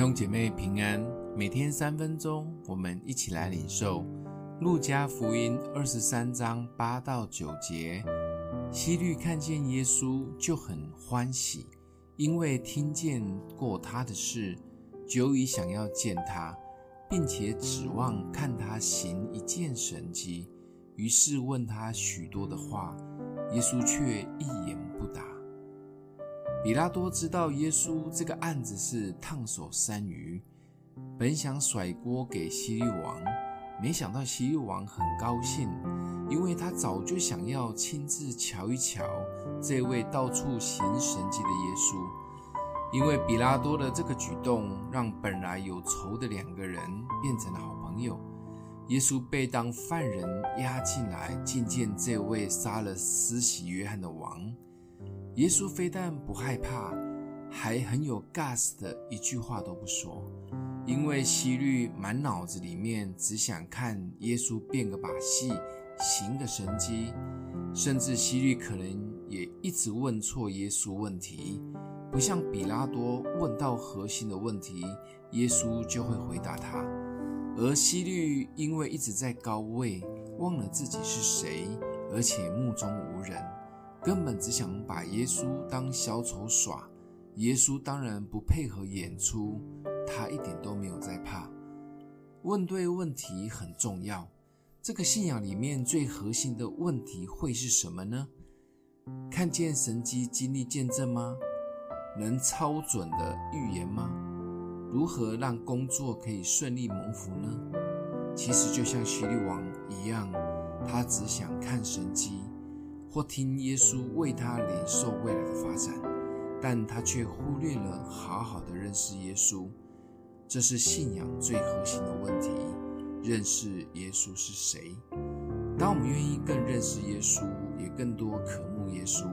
弟兄姐妹平安，每天三分鐘，我們一起來領受《路加福音》二十三章八到九節。希律看見耶穌就很歡喜，因為聽見過他的事，久已想要見他，並且指望看他行一件神蹟，於是問他許多的話，耶穌卻一言。比拉多知道耶穌這個案子是燙手山芋，本想甩鍋給希律王，沒想到希律王很高興，因為他早就想要親自瞧一瞧這位到處行神蹟的耶穌。因為比拉多的這個舉動，讓本來有仇的兩個人變成了好朋友。耶穌被當犯人押進來，覲見這位殺了施洗約翰的王。耶穌非但不害怕，還很有 GUTS 的一句話都不說，因為希律滿腦子裡面只想看耶穌變個把戲，行個神蹟，甚至希律可能也一直問錯耶穌問題，不像彼拉多問到核心的問題，耶穌就會回答他，而希律因為一直在高位，忘了自己是誰，而且目中無人。根本只想把耶穌當小丑耍，耶穌當然不配合演出，他一點都沒有在怕。問對問題很重要，這個信仰裡面最核心的問題會是什麼呢？看見神蹟，經歷見證嗎？能超準的預言嗎？如何讓工作可以順利蒙福呢？其實就像希律王一樣，他只想看神蹟。或聽耶穌為他領受未來的發展，但他卻忽略了好好的認識耶穌。這是信仰最核心的問題——認識耶穌是誰。當我們願意更認識耶穌，也更多渴慕耶穌，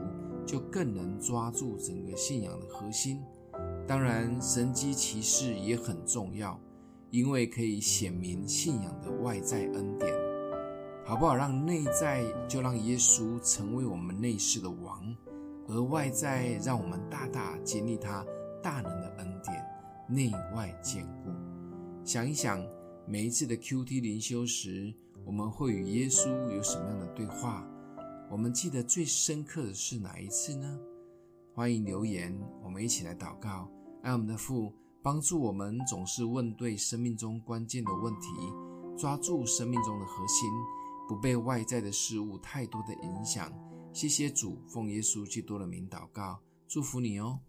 就更能抓住整個信仰的核心。當然，神蹟奇事也很重要，因為可以顯明信仰的外在恩典。好不好？讓內在就讓耶穌成為我們內室的王，而外在讓我們大大經歷他大能的恩典，內外兼顧。想一想，每一次的 Q T 靈修時，我們會與耶穌有什麼樣的對話？我們記得最深刻的是哪一次呢？歡迎留言，我們一起來禱告。愛我們的父幫助我們，總是問對生命中關鍵的問題，抓住生命中的核心。不被外在的事物太多的影響。謝謝主，奉耶穌基督的名禱告，祝福你哦。